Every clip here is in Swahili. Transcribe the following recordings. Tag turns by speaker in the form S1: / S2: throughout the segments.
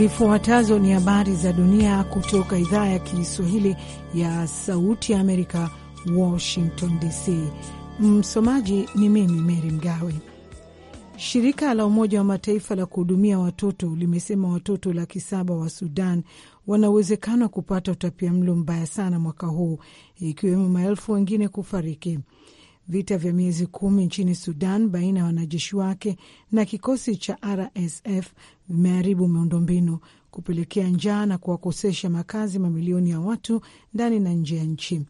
S1: Zifuatazo ni habari za dunia kutoka idhaa ya Kiswahili ya Sauti ya Amerika, Washington DC. Msomaji ni mimi mery Mgawe. Shirika la Umoja wa Mataifa la kuhudumia watoto limesema watoto laki saba wa Sudan wana uwezekano wa kupata utapia mlo mbaya sana mwaka huu, ikiwemo maelfu wengine kufariki. Vita vya miezi kumi nchini Sudan baina ya wanajeshi wake na kikosi cha RSF vimeharibu miundombinu, kupelekea njaa na kuwakosesha makazi mamilioni ya watu ndani na nje ya nchi.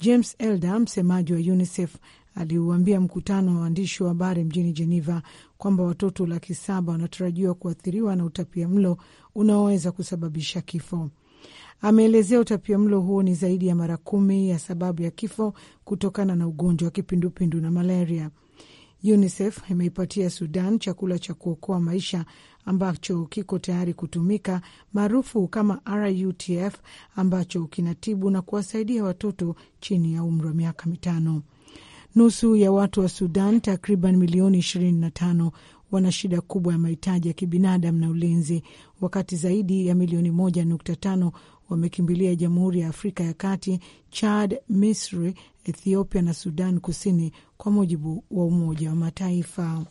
S1: James Elder, msemaji wa UNICEF, aliuambia mkutano wa waandishi wa habari mjini Geneva kwamba watoto laki saba wanatarajiwa kuathiriwa na utapia mlo unaoweza kusababisha kifo. Ameelezea utapia mlo huo ni zaidi ya mara kumi ya sababu ya kifo kutokana na ugonjwa wa kipindupindu na malaria. UNICEF imeipatia Sudan chakula cha kuokoa maisha ambacho kiko tayari kutumika maarufu kama RUTF ambacho kinatibu na kuwasaidia watoto chini ya umri wa miaka mitano. Nusu ya watu wa Sudan takriban milioni 25 wana shida kubwa ya mahitaji ya kibinadamu na ulinzi, wakati zaidi ya milioni moja nukta tano wamekimbilia Jamhuri ya Afrika ya Kati, Chad, Misri, Ethiopia na Sudan Kusini, kwa mujibu wa Umoja wa Mataifa.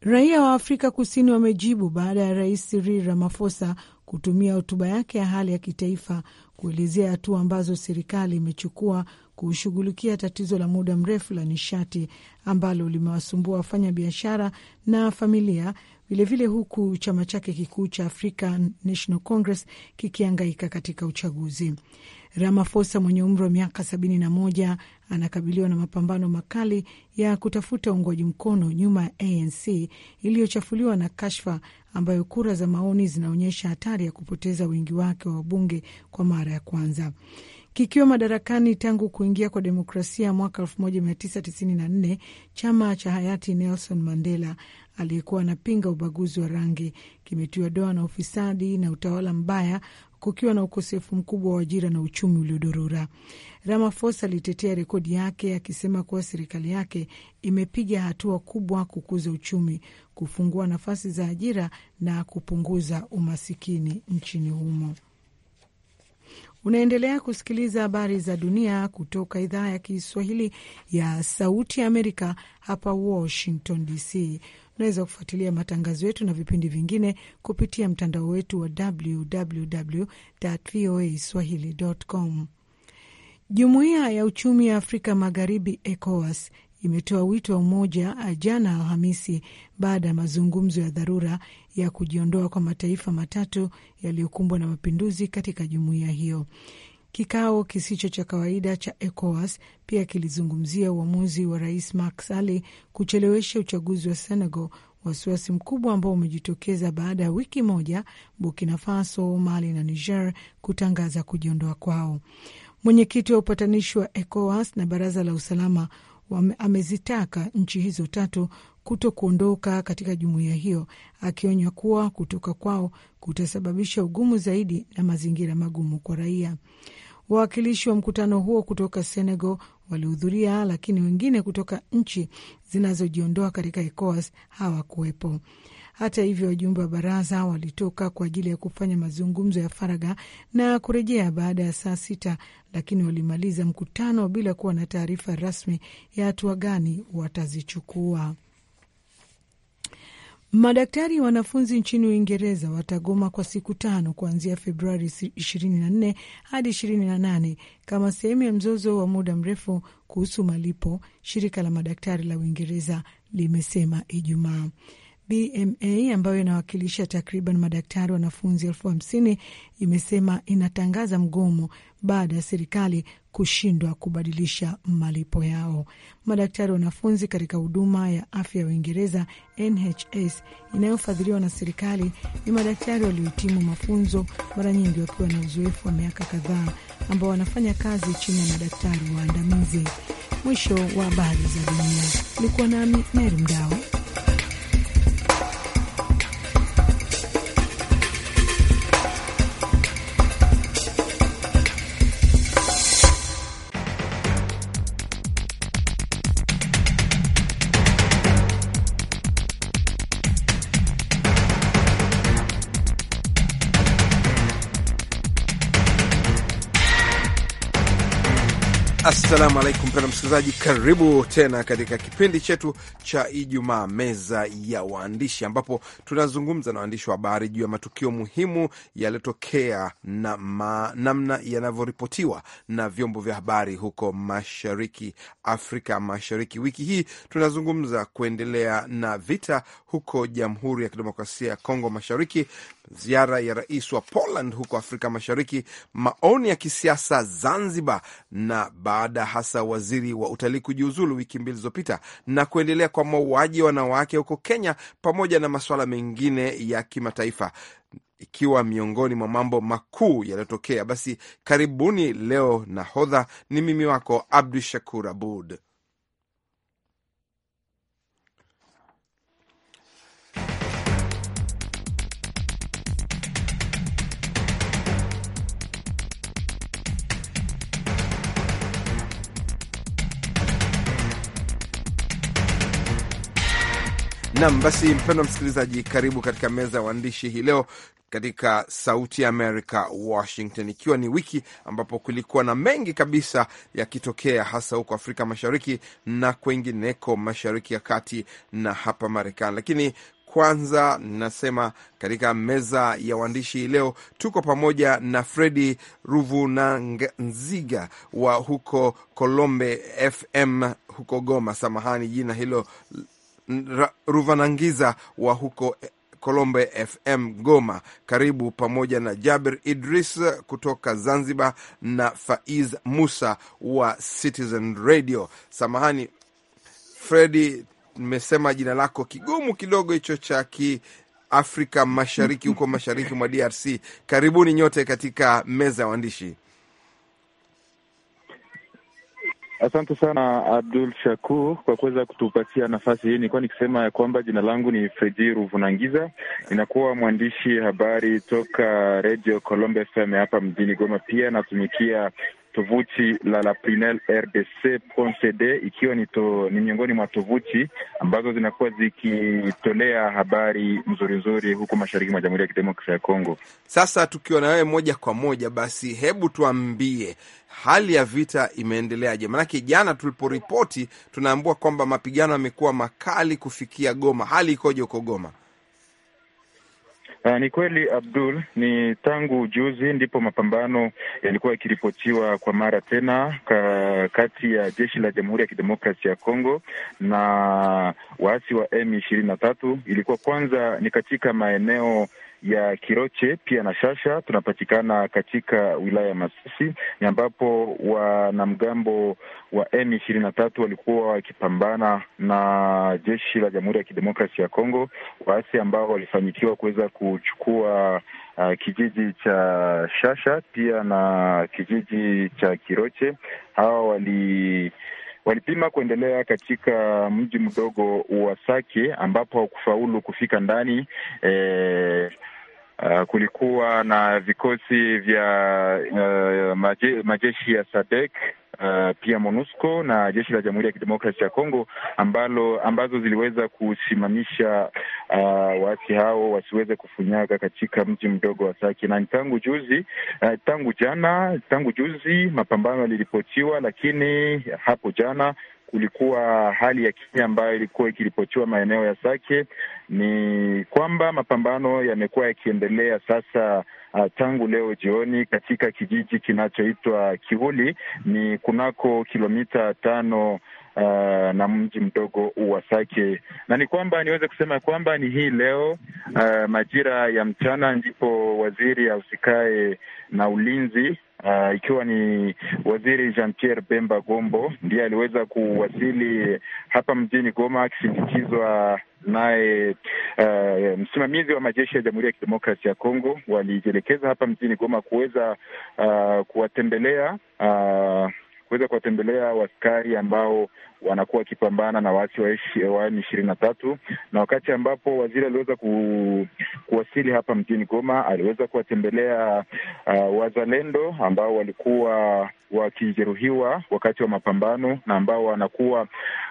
S1: Raia wa Afrika Kusini wamejibu baada ya Rais Cyril Ramaphosa kutumia hotuba yake ya hali ya kitaifa kuelezea hatua ambazo serikali imechukua kushughulikia tatizo la muda mrefu la nishati ambalo limewasumbua wafanya biashara na familia vilevile, huku chama chake kikuu cha African National Congress kikiangaika katika uchaguzi. Ramafosa mwenye umri wa miaka moja anakabiliwa na mapambano makali ya kutafuta uungwaji mkono nyuma ya ANC iliyochafuliwa na kashfa ambayo kura za maoni zinaonyesha hatari ya kupoteza wingi wake wa wabunge kwa mara ya kwanza. Kikiwa madarakani tangu kuingia kwa demokrasia mwaka 1994 chama cha hayati Nelson Mandela aliyekuwa anapinga ubaguzi wa rangi kimetiwa doa na ufisadi na utawala mbaya, kukiwa na ukosefu mkubwa wa ajira na uchumi uliodorora. Ramaphosa alitetea rekodi yake akisema kuwa serikali yake imepiga hatua kubwa kukuza uchumi, kufungua nafasi za ajira na kupunguza umasikini nchini humo. Unaendelea kusikiliza habari za dunia kutoka idhaa ya Kiswahili ya Sauti ya Amerika, hapa Washington DC. Unaweza kufuatilia matangazo yetu na vipindi vingine kupitia mtandao wetu wa www voa swahili com. Jumuiya ya Uchumi ya Afrika Magharibi, ECOWAS, imetoa wito wa umoja ah, jana Alhamisi baada ya mazungumzo ya dharura ya kujiondoa kwa mataifa matatu yaliyokumbwa na mapinduzi katika jumuiya hiyo. Kikao kisicho cha kawaida cha ECOWAS pia kilizungumzia uamuzi wa rais Macky Sall kuchelewesha uchaguzi wa Senegal, wasiwasi mkubwa ambao umejitokeza baada ya wiki moja Burkina Faso, Mali na Niger kutangaza kujiondoa kwao. Mwenyekiti wa upatanishi wa ECOWAS na baraza la usalama amezitaka nchi hizo tatu kuto kuondoka katika jumuiya hiyo, akionya kuwa kutoka kwao kutasababisha ugumu zaidi na mazingira magumu kwa raia. Wawakilishi wa mkutano huo kutoka Senegal walihudhuria, lakini wengine kutoka nchi zinazojiondoa katika ECOWAS hawakuwepo. Hata hivyo, wajumbe wa baraza walitoka kwa ajili ya kufanya mazungumzo ya faraga na kurejea baada ya saa sita, lakini walimaliza mkutano bila kuwa na taarifa rasmi ya hatua gani watazichukua. Madaktari wanafunzi nchini Uingereza watagoma kwa siku tano kuanzia Februari 24 hadi 28 kama sehemu ya mzozo wa muda mrefu kuhusu malipo, shirika la madaktari la Uingereza limesema Ijumaa. BMA ambayo inawakilisha takriban madaktari wanafunzi elfu hamsini imesema inatangaza mgomo baada ya serikali kushindwa kubadilisha malipo yao. Madaktari wanafunzi katika huduma ya afya ya Uingereza, NHS, inayofadhiliwa na serikali ni madaktari waliohitimu mafunzo, mara nyingi wakiwa na uzoefu wa miaka kadhaa, ambao wanafanya kazi chini ya madaktari waandamizi. Mwisho wa habari za dunia. Ulikuwa nami Meri mdao
S2: Assalamu alaikum pena msikilizaji, karibu tena katika kipindi chetu cha Ijumaa, meza ya waandishi, ambapo tunazungumza na waandishi wa habari juu ya matukio muhimu yaliyotokea na namna yanavyoripotiwa na vyombo vya habari huko mashariki Afrika Mashariki. Wiki hii tunazungumza kuendelea na vita huko Jamhuri ya Kidemokrasia ya Kongo Mashariki ziara ya rais wa Poland huko Afrika Mashariki, maoni ya kisiasa Zanzibar, na baada hasa waziri wa utalii kujiuzulu wiki mbili zilizopita, na kuendelea kwa mauaji ya wanawake huko Kenya, pamoja na masuala mengine ya kimataifa ikiwa miongoni mwa mambo makuu yaliyotokea. Basi karibuni leo. Nahodha ni mimi wako Abdu Shakur Abud. Nam basi, mpendwa msikilizaji, karibu katika meza ya waandishi hii leo katika Sauti ya Amerika, Washington, ikiwa ni wiki ambapo kulikuwa na mengi kabisa yakitokea, hasa huko Afrika Mashariki na kwengineko Mashariki ya Kati na hapa Marekani. Lakini kwanza nasema katika meza ya waandishi hii leo tuko pamoja na Fredi Ruvunanziga wa huko Kolombe FM huko Goma. Samahani, jina hilo Ruvanangiza wa huko Kolombe eh, FM Goma, karibu pamoja na Jabir Idris eh, kutoka Zanzibar na Faiz Musa wa Citizen Radio. Samahani Fredi, nimesema jina lako kigumu kidogo hicho cha kiafrika Mashariki, huko mashariki mwa DRC. Karibuni nyote katika meza ya waandishi.
S3: Asante sana Abdul Shakur kwa kuweza kutupatia nafasi hii. Nilikuwa nikisema ya kwamba jina langu ni Fredi Ruvunangiza, inakuwa mwandishi habari toka Radio Colombe FM hapa mjini Goma, pia natumikia tovuti la la Prinel CD, ikiwa ni, to, ni miongoni mwa tovuti ambazo zinakuwa zikitolea habari nzuri nzuri huko mashariki mwa Jamhuri ya Kidemokrasia ya Kongo. Sasa tukiwa na wewe moja kwa
S2: moja, basi hebu tuambie hali ya vita imeendeleaje? Maanake jana tuliporipoti tunaambua kwamba mapigano yamekuwa makali kufikia Goma. Hali ikoje huko Goma?
S3: Uh, ni kweli Abdul, ni tangu juzi ndipo mapambano yalikuwa yakiripotiwa kwa mara tena ka, kati ya jeshi la Jamhuri ya Kidemokrasia ya Kongo na waasi wa M ishirini na tatu. Ilikuwa kwanza ni katika maeneo ya Kiroche pia na Shasha. Tunapatikana katika wilaya ya Masisi ni ambapo wanamgambo wa M ishirini na tatu walikuwa wakipambana na jeshi la Jamhuri ya Kidemokrasi ya Kongo, waasi ambao walifanyikiwa kuweza kuchukua uh, kijiji cha Shasha pia na kijiji cha Kiroche. Hawa wali walipima kuendelea katika mji mdogo wa Sake ambapo hawakufaulu kufika ndani eh, Uh, kulikuwa na vikosi vya uh, maje, majeshi ya SADC uh, pia MONUSCO na jeshi la Jamhuri ya Kidemokrasia ya Kongo ambalo ambazo ziliweza kusimamisha uh, waasi hao wasiweze kufunyaga katika mji mdogo wa saki na tangu juzi uh, tangu jana tangu juzi mapambano yaliripotiwa, lakini hapo jana kulikuwa hali ya kimya ambayo ilikuwa ikiripotiwa maeneo ya Sake. Ni kwamba mapambano yamekuwa yakiendelea sasa uh, tangu leo jioni katika kijiji kinachoitwa Kihuli, ni kunako kilomita tano Uh, na mji mdogo wa Sake, na ni kwamba niweze kusema kwamba ni hii leo uh, majira ya mchana ndipo waziri ausikae na ulinzi uh, ikiwa ni waziri Jean Pierre Bemba Gombo ndiye aliweza kuwasili hapa mjini Goma akisindikizwa naye uh, msimamizi wa majeshi ya Jamhuri ya Kidemokrasia ya Kongo. Walijielekeza hapa mjini Goma kuweza uh, kuwatembelea uh, kuweza kuwatembelea waskari ambao wanakuwa wakipambana na waasi wa ishirini na tatu, na wakati ambapo waziri aliweza ku, kuwasili hapa mjini Goma aliweza kuwatembelea uh, wazalendo ambao walikuwa wakijeruhiwa wakati wa mapambano na ambao wanakuwa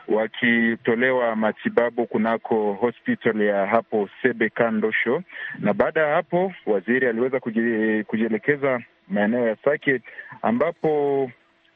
S3: wakitolewa matibabu kunako hospital ya hapo Sebe Kandosho. Na baada ya hapo waziri aliweza kujielekeza maeneo ya Sake ambapo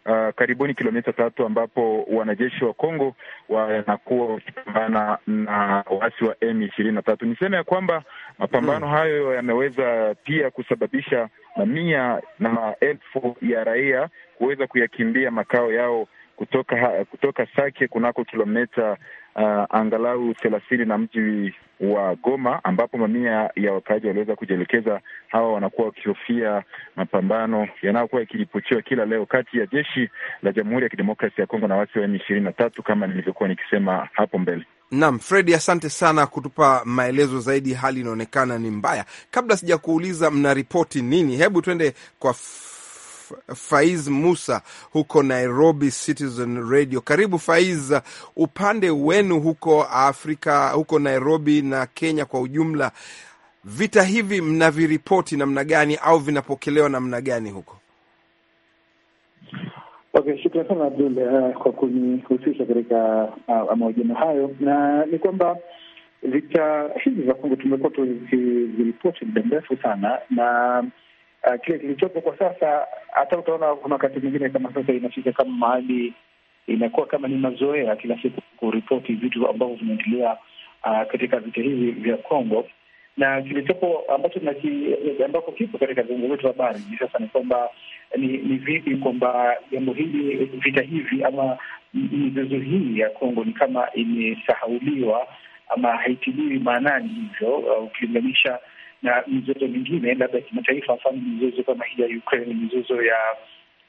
S3: uh, karibuni kilomita tatu ambapo wanajeshi wa Kongo wanakuwa wakipambana na waasi wa M ishirini na tatu. Niseme ya kwamba mapambano hmm. hayo yameweza pia kusababisha mamia na maelfu ya raia kuweza kuyakimbia makao yao kutoka, kutoka Sake kunako kilomita uh, angalau thelathini na mji wa Goma ambapo mamia ya wakaaji waliweza kujielekeza. Hawa wanakuwa wakihofia mapambano yanayokuwa yakiripotiwa kila leo kati ya jeshi la Jamhuri ya Kidemokrasia ya Kongo na wasi wa M ishirini na tatu kama nilivyokuwa nikisema hapo mbele.
S2: Naam, Fredi, asante sana kutupa maelezo zaidi. Hali inaonekana ni mbaya. Kabla sija kuuliza mnaripoti nini, hebu tuende kwa Faiz Musa huko Nairobi, Citizen Radio. Karibu Faiz, upande wenu huko Afrika, huko Nairobi na Kenya kwa ujumla, vita hivi mnaviripoti namna gani au vinapokelewa namna
S4: gani huko? Okay, shukran sana Abdul uh, kwa kunihusisha katika uh, mahojiano hayo, na ni kwamba vita hivi vya Kongo tumekuwa tukiviripoti muda mrefu sana na uh, kile kilichopo kwa sasa, hata utaona kuna wakati mwingine kama sasa inafika kama mahali inakuwa kama ni mazoea kila siku kuripoti vitu ambavyo vinaendelea uh, katika vita hivi vya Kongo na kilichopo ambacho ambako kipo katika viungo vyetu habari ni sasa ni kwamba ni, ni vipi kwamba jambo hili vita hivi ama mizozo hii ya Kongo ni kama imesahauliwa ama haitiliwi maanani hivyo, ah, ukilinganisha uh, na mizozo mingine labda kimataifa, mfano mizozo kama hii ya Ukraine, mizozo ya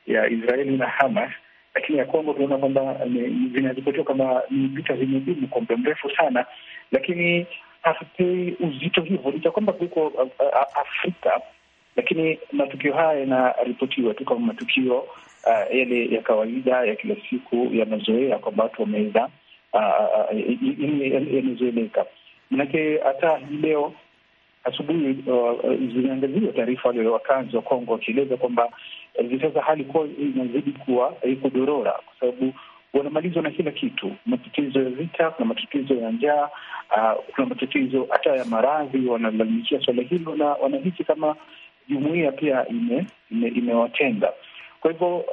S4: ya Israeli na Hamas. Lakini ya Kongo tunaona kwamba eh, vinaripotiwa kama ni vita vimedumu kwa muda mrefu sana, lakini hatupei uzito hivyo, licha kwamba kuko eh, eh, Afrika, lakini matukio haya yanaripotiwa tu kama matukio uh, yale ya kawaida ya kila siku ya mazoea kwamba watu wameeza yamezoeleka, manake hata hii leo asubuhi uh, uh ziliangaziwa taarifa wale wakazi wa Kongo wakieleza kwamba uh, hivi uh, sasa hali kuwa inazidi kuwa uh, iko dorora, kwa sababu wanamalizwa na kila kitu. Matatizo ya vita, kuna matatizo ya njaa, uh, kuna matatizo hata ya maradhi. Wanalalamikia suala hilo na wanahisi kama jumuia pia imewatenga ime, ime kwa hivyo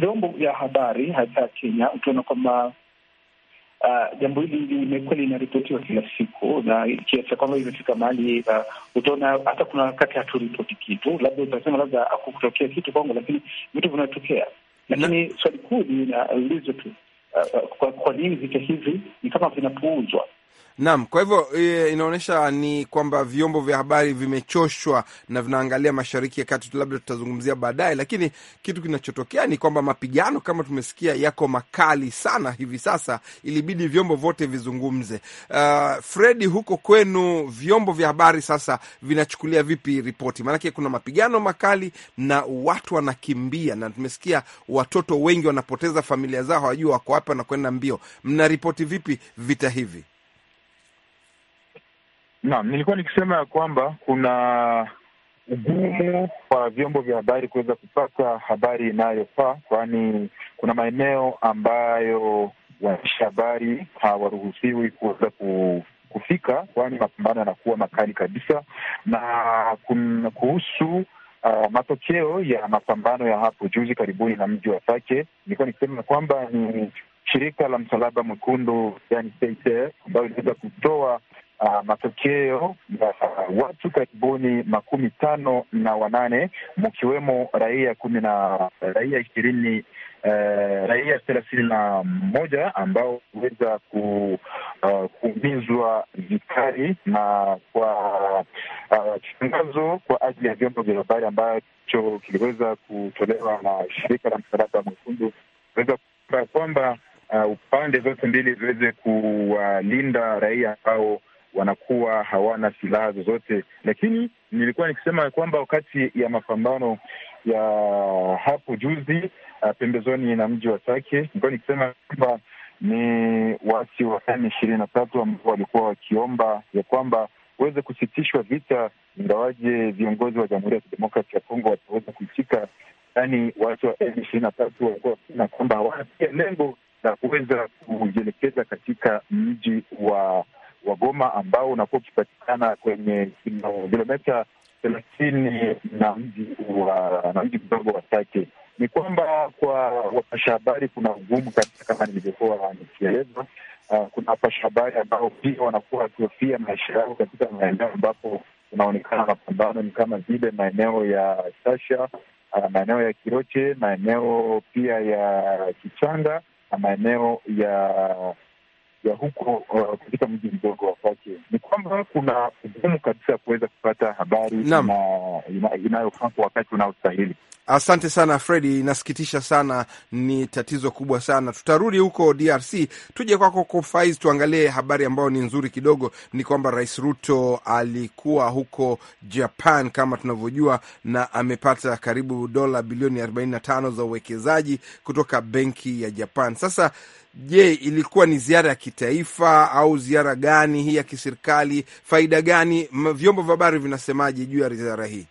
S4: vyombo vya habari hasa Kenya utaona kwamba Uh, jambo hili limekuwa linaripotiwa kila siku na kiasi kwamba imefika mahali uh, utaona hata kuna wakati haturipoti kitu, labda utasema labda akukutokea kitu kwangu, lakini vitu vinatokea. Lakini swali kuu linaulizwa uh, tu, uh, uh, kwa, kwa nini vita hivi ni kama vinapuuzwa? Naam, kwa hivyo e,
S2: inaonyesha ni kwamba vyombo vya habari vimechoshwa na vinaangalia Mashariki ya Kati, labda tutazungumzia baadaye, lakini kitu kinachotokea ni kwamba mapigano kama tumesikia yako makali sana hivi sasa, ilibidi vyombo vyote vizungumze. Uh, Fredi, huko kwenu vyombo vya habari sasa vinachukulia vipi ripoti? Maanake kuna mapigano makali na watu wanakimbia, na tumesikia watoto wengi wanapoteza familia zao, hawajua wako wapi,
S3: wanakwenda mbio. Mnaripoti vipi vita hivi? Naam, nilikuwa nikisema ya kwamba kuna
S4: ugumu
S3: kwa vyombo vya habari kuweza kupata habari inayofaa, kwani kuna maeneo ambayo waandishi habari hawaruhusiwi kuweza ku kufika, kwani mapambano yanakuwa makali kabisa. Na kuhusu uh, matokeo ya mapambano ya hapo juzi karibuni na mji wa Sake, nilikuwa nikisema kwamba ni shirika la Msalaba Mwekundu, yani ambayo iliweza kutoa uh, matokeo ya uh, watu karibuni makumi tano na wanane mkiwemo raia kumi na raia ishirini Uh, raia thelathini na moja ambao waliweza ah, kuumizwa uh, vikali na kwa ah, kitangazo uh, kwa ajili ya vyombo vya habari ambacho kiliweza kutolewa na shirika la Msalaba Mwekundu weza kwamba uh, upande zote mbili ziweze kuwalinda raia ambao wanakuwa hawana silaha zozote. Lakini nilikuwa nikisema kwamba wakati ya mapambano ya hapo juzi uh, pembezoni na mji wa Take, nilikuwa nikisema kwamba ni waasi wa M ishirini na tatu ambao walikuwa wakiomba ya kwamba uweze kusitishwa vita, ingawaje viongozi wa Jamhuri ya Kidemokrasi ya Kongo wataweza kuitika, Yani watu wa M ishirini na tatu walikuwa wakisema kwamba hawana pia lengo la kuweza kujielekeza katika mji wa wa Goma ambao unakuwa ukipatikana kwenye kilometa thelathini na mji na mji mdogo wa Sake. Ni kwamba kwa wapasha habari kuna ugumu kabisa, kama nilivyokuwa nikieleza. Uh, ah, kuna wapasha habari ambao pia wanakuwa wakihofia maisha yao katika maeneo ambapo unaonekana mapambano, ni kama vile maeneo ya Sasha, uh, maeneo ya Kiroche, maeneo pia ya Kichanga na maeneo ya ya huko uh, katika mji mdogo wa Pake ni kwamba kuna ugumu kabisa kuweza kupata habari inayofaa ina, kwa wakati unaostahili.
S2: Asante sana Fredi, inasikitisha sana, ni tatizo kubwa sana. Tutarudi huko DRC. Tuje kwako kwa Faiz, tuangalie habari ambayo ni nzuri kidogo. Ni kwamba Rais Ruto alikuwa huko Japan kama tunavyojua, na amepata karibu dola bilioni 45 za uwekezaji kutoka benki ya Japan. Sasa Je, ilikuwa ni ziara ya kitaifa au ziara gani hii ya kiserikali? Faida gani? Vyombo vya habari
S4: vinasemaje juu ya ziara hii?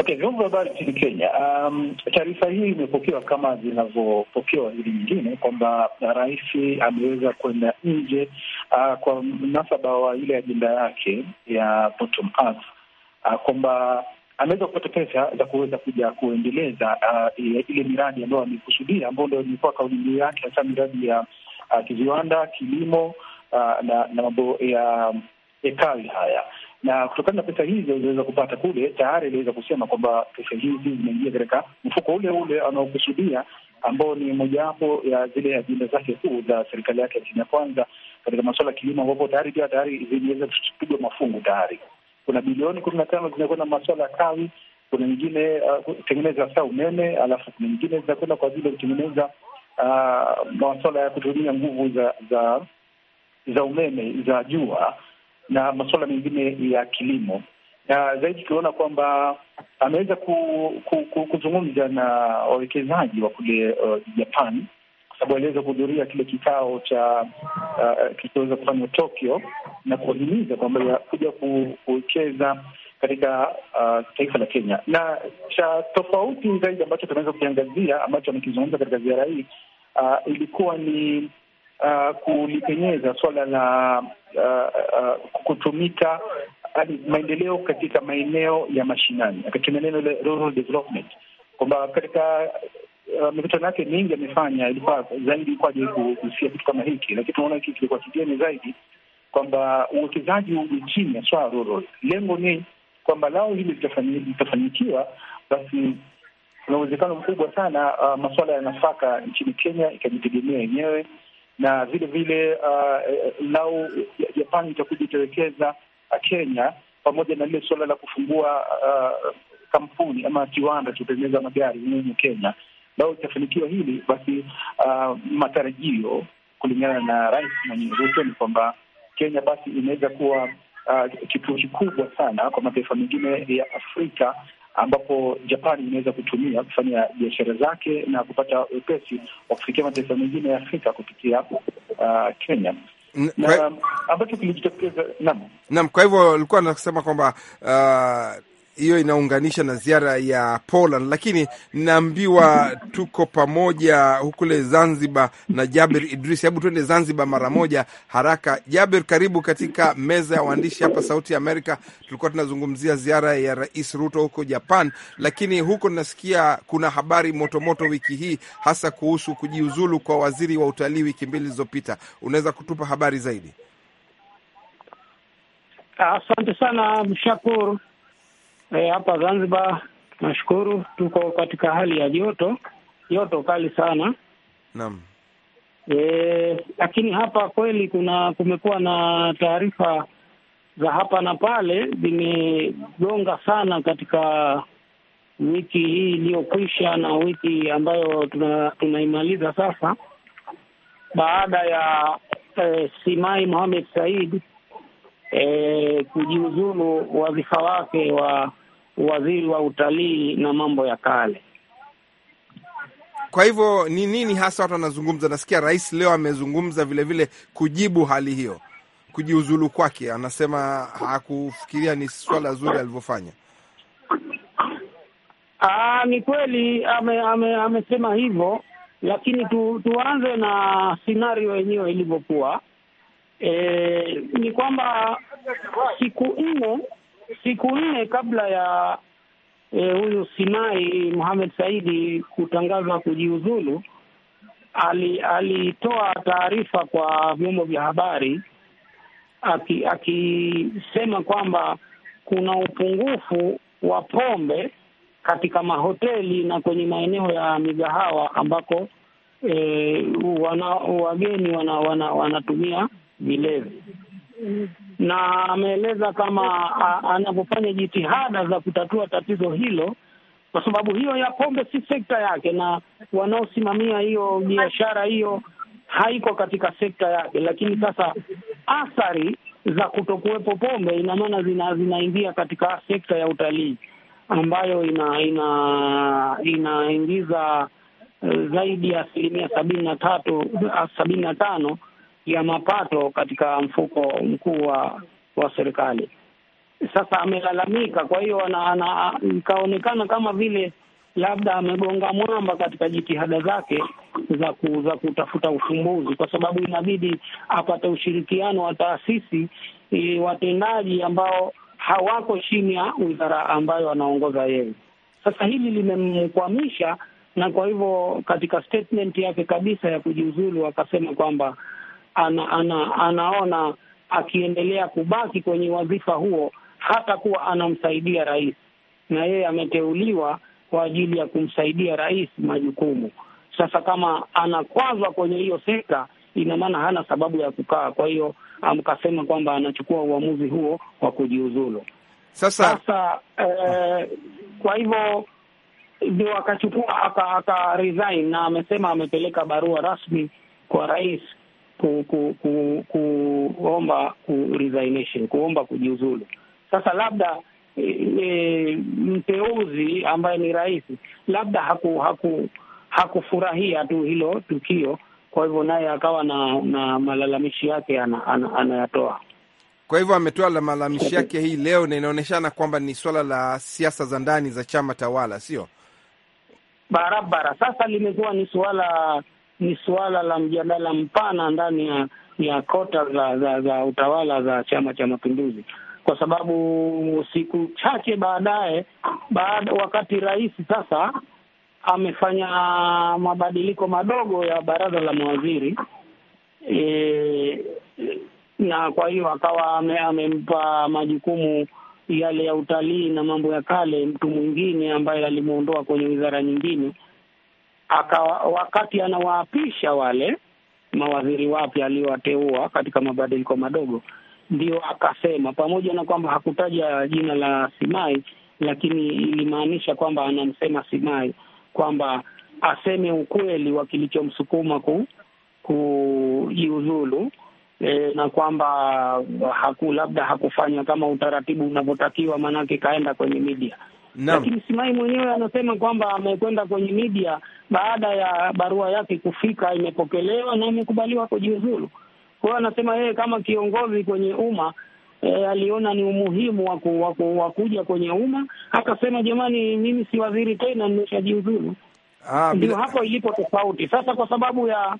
S4: Okay, vyombo vya habari nchini Kenya, um, taarifa hii imepokewa kama zinavyopokewa hili nyingine kwamba rais ameweza kwenda nje uh, kwa mnasaba wa ile ajenda yake ya bottom up uh, kwamba ameweza kupata pesa za kuweza kuja kuendeleza uh, ile, miradi ambayo amekusudia ambayo ndo ilikuwa kauli mbiu yake, hasa miradi ya uh, kiviwanda, kilimo uh, na, na mambo ya um, hekali haya na kutokana na pesa hizo ziliweza kupata kule, tayari iliweza kusema kwamba pesa hizi zinaingia katika mfuko ule ule anaokusudia ambao ni mojawapo ya zile ajenda zake kuu za serikali yake ya Kenya Kwanza katika masuala ya kilimo, ambapo tayari pia tayari ziliweza kupigwa mafungu tayari. Kuna bilioni kumi na tano zinakwenda masuala ya kawi, kuna nyingine uh, kutengeneza uh, saa umeme, alafu kuna nyingine zinakwenda kwa ajili ya kutengeneza uh, masuala ya kutumia nguvu za za za umeme za jua na masuala mengine ya kilimo, na zaidi tukiona kwamba ameweza ku, ku, ku, kuzungumza na wawekezaji wa kule uh, Japan kwa sababu aliweza kuhudhuria kile kikao cha uh, kilichoweza kufanywa Tokyo na kuwahimiza kwamba kuja kuwekeza katika uh, taifa la Kenya na cha tofauti zaidi ambacho tunaweza kukiangazia ambacho amekizungumza katika ziara hii uh, ilikuwa ni uh, kulipenyeza swala la uh, uh, kutumika hadi maendeleo katika maeneo ya mashinani, akatumia neno ile rural development kwamba katika Uh, mikutano yake mingi amefanya ilikuwa zaidi ilikuwa hajawahi kugusia kitu kama hiki, lakini tunaona hiki kilikuwa kigeni zaidi, kwamba uwekezaji huu ya swala rural, lengo ni kwamba lao hili litafanyikiwa, basi kuna uwezekano mkubwa sana uh, masuala ya nafaka nchini Kenya ikajitegemea yenyewe na vile vile uh, eh, lau japan itakuja itawekeza uh, Kenya, pamoja na lile suala la kufungua uh, kampuni ama kiwanda cha kutengeneza magari humu Kenya, lau itafanikiwa hili basi, uh, matarajio kulingana na rais mwenyewe Ruto ni kwamba Kenya basi inaweza kuwa uh, kituo kikubwa sana kwa mataifa mengine ya Afrika ambapo Japani inaweza kutumia kufanya biashara zake na kupata wepesi wa kufikia mataifa mengine ya Afrika kupitia uh, Kenya ambacho kilijitokeza.
S2: Naam, naam. Kwa hivyo ulikuwa nasema kwamba uh, hiyo inaunganisha na ziara ya Poland, lakini naambiwa tuko pamoja hukule Zanzibar na jaber Idris. Hebu tuende Zanzibar mara moja haraka. jaber karibu katika meza ya waandishi hapa Sauti ya Amerika. Tulikuwa tunazungumzia ziara ya Rais Ruto huko Japan, lakini huko nasikia kuna habari motomoto wiki hii, hasa kuhusu kujiuzulu kwa waziri wa utalii wiki mbili zilizopita. Unaweza kutupa habari zaidi?
S5: Asante sana Mshakur. Eh, hapa Zanzibar nashukuru tuko katika hali ya joto joto kali sana naam. E, lakini hapa kweli kuna kumekuwa na taarifa za hapa na pale zimegonga sana katika wiki hii iliyokwisha na wiki ambayo tuna, tunaimaliza sasa baada ya e, Simai Mohamed Said e, kujiuzulu wadhifa wake wa waziri wa utalii na mambo ya kale. Kwa hivyo ni nini hasa
S2: watu wanazungumza? Nasikia rais leo amezungumza vilevile kujibu hali hiyo, kujiuzulu kwake. Anasema hakufikiria ni swala zuri alivyofanya.
S5: Aa, ah, ni kweli amesema ame, ame hivyo, lakini tu, tuanze na scenario yenyewe ilivyokuwa e, ni kwamba siku nne siku nne kabla ya eh, huyu Sinai Mohamed Saidi kutangaza kujiuzulu, alitoa ali taarifa kwa vyombo vya habari akisema aki kwamba kuna upungufu wa pombe katika mahoteli na kwenye maeneo ya migahawa ambako e, wana, wageni wanatumia wana, wana vilevi, na ameeleza kama anavyofanya jitihada za kutatua tatizo hilo, kwa sababu hiyo ya pombe si sekta yake, na wanaosimamia hiyo biashara hiyo haiko katika sekta yake. Lakini sasa athari za kutokuwepo pombe, ina maana zina, zinaingia katika sekta ya utalii ambayo ina ina inaingiza eh, zaidi ya asilimia sabini na tatu eh, sabini na tano ya mapato katika mfuko mkuu wa wa serikali. Sasa amelalamika, kwa hiyo ikaonekana kama vile labda amegonga mwamba katika jitihada zake za ku, za kutafuta ufumbuzi, kwa sababu inabidi apate ushirikiano wa taasisi e, watendaji ambao hawako chini ya wizara ambayo anaongoza yeye. Sasa hili limemkwamisha, na kwa hivyo katika statement yake kabisa ya kujiuzulu akasema kwamba ana, ana, anaona akiendelea kubaki kwenye wadhifa huo hata kuwa anamsaidia rais, na yeye ameteuliwa kwa ajili ya kumsaidia rais majukumu. Sasa kama anakwazwa kwenye hiyo sekta, ina maana hana sababu ya kukaa. Kwa hiyo amkasema um, kwamba anachukua uamuzi huo wa kujiuzulu. Sasa, sasa eh, kwa hivyo ndio akachukua aka, aka resign na amesema amepeleka barua rasmi kwa rais ku, ku, ku, kuomba ku resignation, kuomba kujiuzulu. Sasa labda e, e, mteuzi ambaye ni rais labda haku, haku hakufurahia tu hilo tukio, kwa hivyo naye akawa na na malalamishi yake anayatoa ana, ana
S2: kwa hivyo ametoa malalamishi yake hii leo, na inaonyeshana kwamba ni swala la siasa za ndani za
S5: chama tawala, sio barabara. Sasa limekuwa ni suala ni suala la mjadala mpana ndani ya ya kota za, za, za utawala za Chama cha Mapinduzi, kwa sababu siku chache baadaye baada, wakati rais sasa amefanya mabadiliko madogo ya baraza la mawaziri e, na kwa hiyo akawa amempa majukumu yale ya utalii na mambo ya kale mtu mwingine ambaye alimuondoa kwenye wizara nyingine aka, wakati anawaapisha wale mawaziri wapya aliyowateua katika mabadiliko madogo, ndio akasema, pamoja na kwamba hakutaja jina la Simai, lakini ilimaanisha kwamba anamsema Simai kwamba aseme ukweli wa kilichomsukuma ku kujiuzulu e, na kwamba haku labda hakufanya kama utaratibu unavyotakiwa, maanake kaenda kwenye media. Lakini Simai mwenyewe anasema kwamba amekwenda kwenye media baada ya barua yake kufika, imepokelewa na imekubaliwa kujiuzulu. Kwa hiyo anasema yeye kama kiongozi kwenye umma E, aliona ni umuhimu wa waku, kuja kwenye umma akasema, jamani, mimi si waziri tena, nimeshajiuzulu. Ah, ndio hapo ilipo tofauti sasa, kwa sababu ya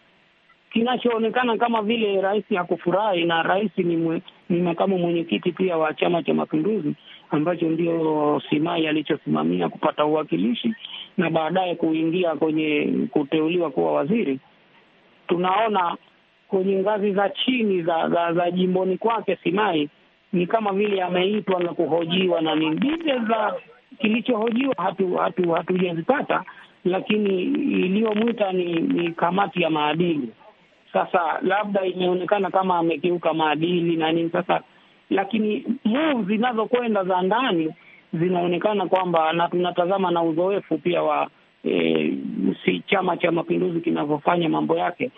S5: kinachoonekana kama vile rais hakufurahi, na rais ni, mwe, ni makamu mwenyekiti pia wa Chama cha Mapinduzi ambacho ndio Simai alichosimamia kupata uwakilishi na baadaye kuingia kwenye kuteuliwa kuwa waziri. Tunaona kwenye ngazi za chini za, za, za jimboni kwake Simai ni kama vile ameitwa na kuhojiwa na ningine za kilichohojiwa hatujazipata hatu, hatujazipata, lakini iliyomwita ni, ni kamati ya maadili. Sasa labda imeonekana kama amekiuka maadili na nini. Sasa lakini move zinazokwenda za ndani zinaonekana kwamba, na tunatazama na uzoefu pia wa e, si Chama cha Mapinduzi kinavyofanya mambo yake,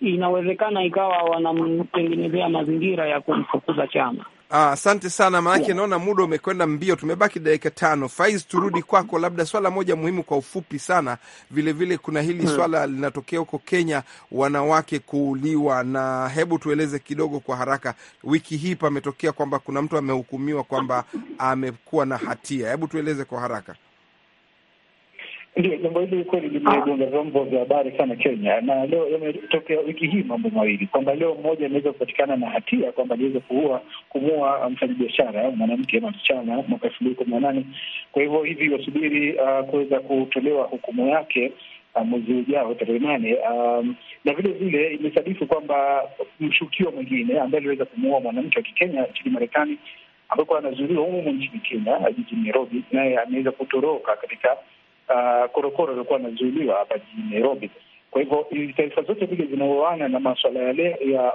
S5: inawezekana ikawa wanamtengenezea mazingira ya kumfukuza chama. Ah,
S2: asante ah, sana maanake naona muda umekwenda mbio, tumebaki dakika tano. Faiz, turudi kwako, labda swala moja muhimu kwa ufupi sana. Vilevile vile kuna hili hmm. swala linatokea huko Kenya, wanawake kuuliwa, na hebu tueleze kidogo kwa haraka. Wiki hii pametokea kwamba kuna mtu amehukumiwa kwamba amekuwa na hatia, hebu tueleze kwa haraka.
S4: Ndio, jambo hili kweli limegonga ah. vyombo vya habari sana Kenya, na leo yametokea wiki hii mambo mawili, kwamba leo mmoja ameweza kupatikana na hatia kwamba aliweza kuua kumua mfanyabiashara mwanamke ama msichana mwaka elfu mbili kumi na nane. Kwa hivyo hivi wasubiri uh, kuweza kutolewa hukumu yake uh, mwezi ujao tarehe nane. Um, na vile vile imesadifu kwamba mshukiwa mwingine ambaye aliweza kumuua mwanamke wa Kikenya nchini Marekani, ambako anazuiliwa humu nchini Kenya jijini Nairobi, naye ameweza kutoroka katika Uh, korokoro ilikuwa inazuiliwa hapa jijini Nairobi. Kwa hivyo taarifa zote vile zinaoana na maswala yale ya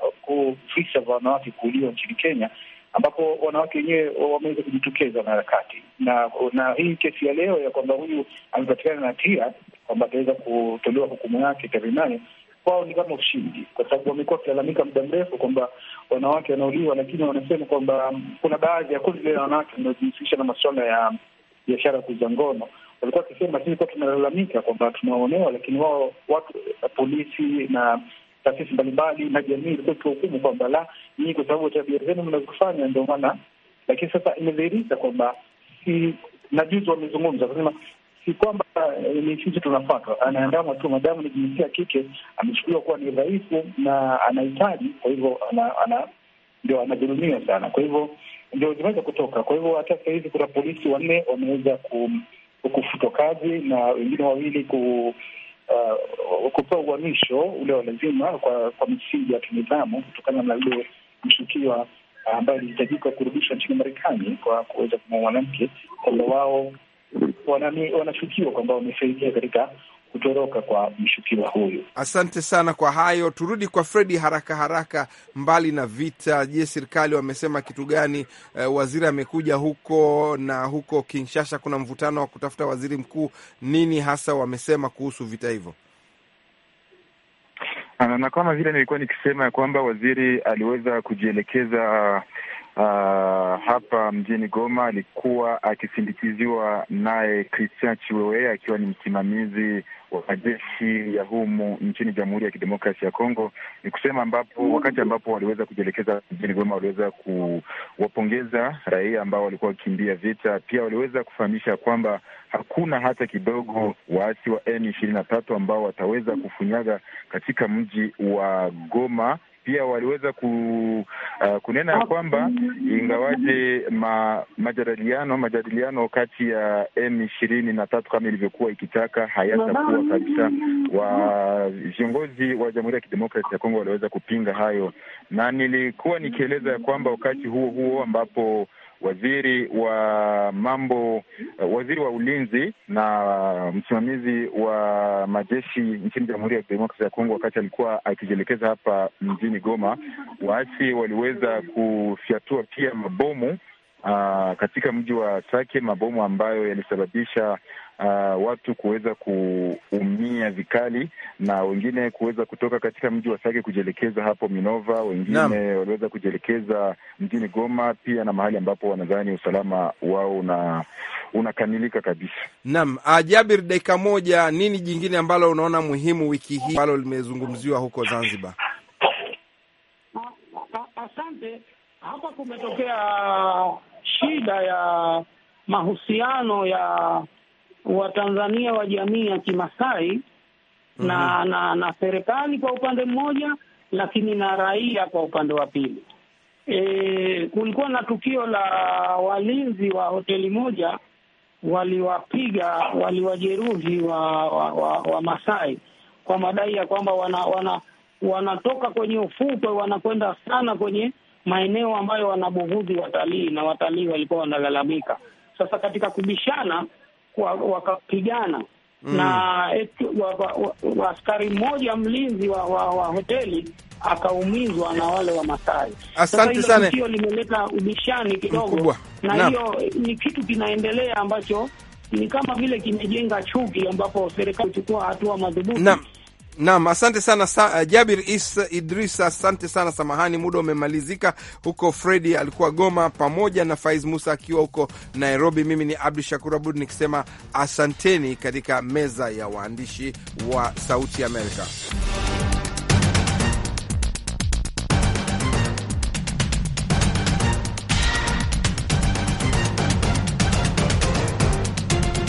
S4: visa vya wanawake kuuliwa nchini Kenya, ambapo wanawake wenyewe wameweza kujitokeza harakati na, na hii kesi ya leo ya kwamba huyu amepatikana na hatia kwamba ataweza kutolewa hukumu yake tarehe nane kwao ni kama ushindi, kwa sababu wamekuwa wakilalamika muda mrefu kwamba wanawake wanauliwa, lakini wanasema kwamba um, kuna baadhi ya kundi la wanawake wanaojihusisha na masuala ya biashara ya kuuza ngono walikuwa wakisema sisi kuwa tunalalamika kwamba tunaonewa, lakini wao watu eh, polisi na taasisi mbalimbali na jamii ilikuwa ikiwahukumu kwamba la, nyinyi kwa sababu tabia zenu mnazofanya ndio maana. Lakini sasa imedhihirika kwamba si na juzi wamezungumza kasema si kwamba eh, ni sisi tunafatwa, anaandamwa tu, madamu ni jinsia ya kike, amechukuliwa kuwa ni dhaifu na anahitaji, kwa hivyo ana, ana ndio anadhulumiwa sana, kwa hivyo ndio zimeweza kutoka. Kwa hivyo hata sahizi kuna polisi wanne wameweza ku kufutwa kazi na wengine wawili ku uh, kupewa uhamisho ule wa lazima kwa kwa misingi ya kinidhamu kutokana na yule mshukiwa uh, ambaye alihitajika kurudishwa nchini Marekani kwa kuweza kumua mwanamke, kwamba wao wanashukiwa kwamba wamesaidia katika kutoroka kwa mshukiwa huyu.
S2: Asante sana kwa hayo. Turudi kwa Fredi haraka haraka. Mbali na vita, je, serikali wamesema kitu gani? E, waziri amekuja huko na huko Kinshasa kuna mvutano wa kutafuta waziri mkuu. Nini hasa wamesema kuhusu vita hivyo?
S3: Na kama vile nilikuwa nikisema ya kwamba waziri aliweza kujielekeza Uh, hapa mjini Goma alikuwa akisindikiziwa naye Christian Chiwewe akiwa ni msimamizi wa majeshi ya humu nchini Jamhuri ya Kidemokrasi ya Kongo. Ni kusema ambapo wakati ambapo waliweza kujielekeza mjini Goma, waliweza kuwapongeza raia ambao walikuwa wakikimbia vita. Pia waliweza kufahamisha kwamba hakuna hata kidogo waasi wa M ishirini na tatu ambao wataweza kufunyaga katika mji wa Goma pia waliweza ku, uh, kunena ya kwamba ingawaje ma, majadiliano majadiliano kati ya M ishirini na tatu kama ilivyokuwa ikitaka hayatakuwa kabisa. Wa viongozi wa Jamhuri ya Kidemokrasi ya Kongo waliweza kupinga hayo, na nilikuwa nikieleza ya kwamba wakati huo huo ambapo waziri wa mambo, eh, waziri wa ulinzi na msimamizi wa majeshi nchini Jamhuri ya Kidemokrasi ya Kongo, wakati alikuwa akijielekeza hapa mjini Goma, waasi waliweza kufyatua pia mabomu uh, katika mji wa Sake, mabomu ambayo yalisababisha uh, watu kuweza kuumia vikali na wengine kuweza kutoka katika mji wa Sake kujielekeza hapo Minova, wengine waliweza kujielekeza mjini Goma pia, na mahali ambapo wanadhani usalama wao una unakamilika kabisa.
S2: Naam, ah, Jabir, dakika moja, nini jingine ambalo unaona muhimu wiki hii ambalo limezungumziwa huko Zanzibar?
S5: Asante, hapa kumetokea shida ya mahusiano ya Watanzania wa jamii ya Kimasai mm -hmm. na mhm. na na serikali kwa upande mmoja, lakini na raia kwa upande wa pili. E, kulikuwa na tukio la walinzi wa hoteli moja waliwapiga waliwajeruhi wa, wa, wa, wa Masai kwa madai ya kwamba wana, wana wanatoka kwenye ufukwe wanakwenda sana kwenye maeneo ambayo wanabughudhi watalii na watalii walikuwa wanalalamika. Sasa katika kubishana wakapigana mm. na askari mmoja mlinzi wa, wa, wa hoteli akaumizwa na wale wa Masai. Asante sana. hiyo limeleta ubishani kidogo na hiyo eh, ni kitu kinaendelea ambacho ni kama vile kimejenga chuki ambapo serikali huchukua hatua madhubuti Naam, asante sana sa,
S2: eh, Jabir Is, Idris, asante sana samahani, muda umemalizika. Huko Fredi alikuwa Goma, pamoja na Faiz Musa akiwa huko Nairobi. Mimi ni Abdu Shakur Abud nikisema asanteni katika meza ya waandishi wa Sauti Amerika.